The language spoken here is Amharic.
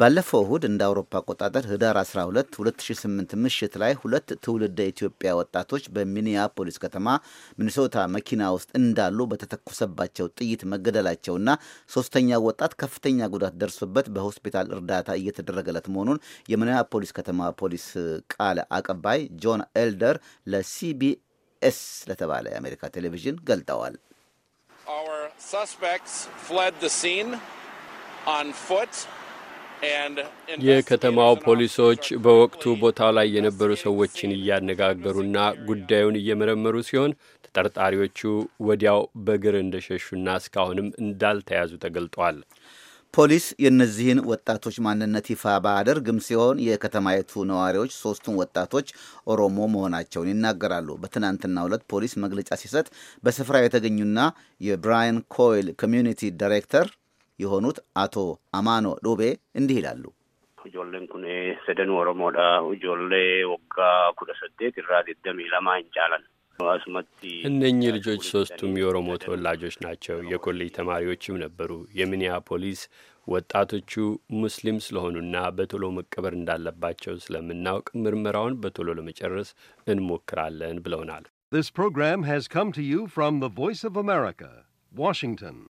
ባለፈው እሁድ እንደ አውሮፓ አቆጣጠር ህዳር 12 2008 ምሽት ላይ ሁለት ትውልደ ኢትዮጵያ ወጣቶች በሚኒያፖሊስ ከተማ ሚኒሶታ መኪና ውስጥ እንዳሉ በተተኮሰባቸው ጥይት መገደላቸውና ሶስተኛ ወጣት ከፍተኛ ጉዳት ደርሶበት በሆስፒታል እርዳታ እየተደረገለት መሆኑን የሚኒያፖሊስ ከተማ ፖሊስ ቃል አቀባይ ጆን ኤልደር ለሲቢኤስ ለተባለ የአሜሪካ ቴሌቪዥን ገልጠዋል። የከተማው ፖሊሶች በወቅቱ ቦታው ላይ የነበሩ ሰዎችን እያነጋገሩና ጉዳዩን እየመረመሩ ሲሆን ተጠርጣሪዎቹ ወዲያው በእግር እንደሸሹና እስካሁንም እንዳልተያዙ ተገልጧል። ፖሊስ የእነዚህን ወጣቶች ማንነት ይፋ ባያደርግም ሲሆን የከተማይቱ ነዋሪዎች ሶስቱን ወጣቶች ኦሮሞ መሆናቸውን ይናገራሉ። በትናንትናው ዕለት ፖሊስ መግለጫ ሲሰጥ በስፍራ የተገኙና የብራያን ኮይል ኮሚዩኒቲ ዳይሬክተር የሆኑት አቶ አማኖ ዶቤ እንዲህ ይላሉ። ijoolleen ኩኔ ሰደን ኦሮሞ ijoollee waggaa kudha saddeet irraa digdamii lamaa እነኚህ ልጆች ሶስቱም የኦሮሞ ተወላጆች ናቸው። የኮሌጅ ተማሪዎችም ነበሩ። የሚኒያፖሊስ ወጣቶቹ ሙስሊም ስለሆኑና በቶሎ መቀበር እንዳለባቸው ስለምናውቅ ምርመራውን በቶሎ ለመጨረስ እንሞክራለን ብለውናል። This program has come to you from the Voice of America, Washington.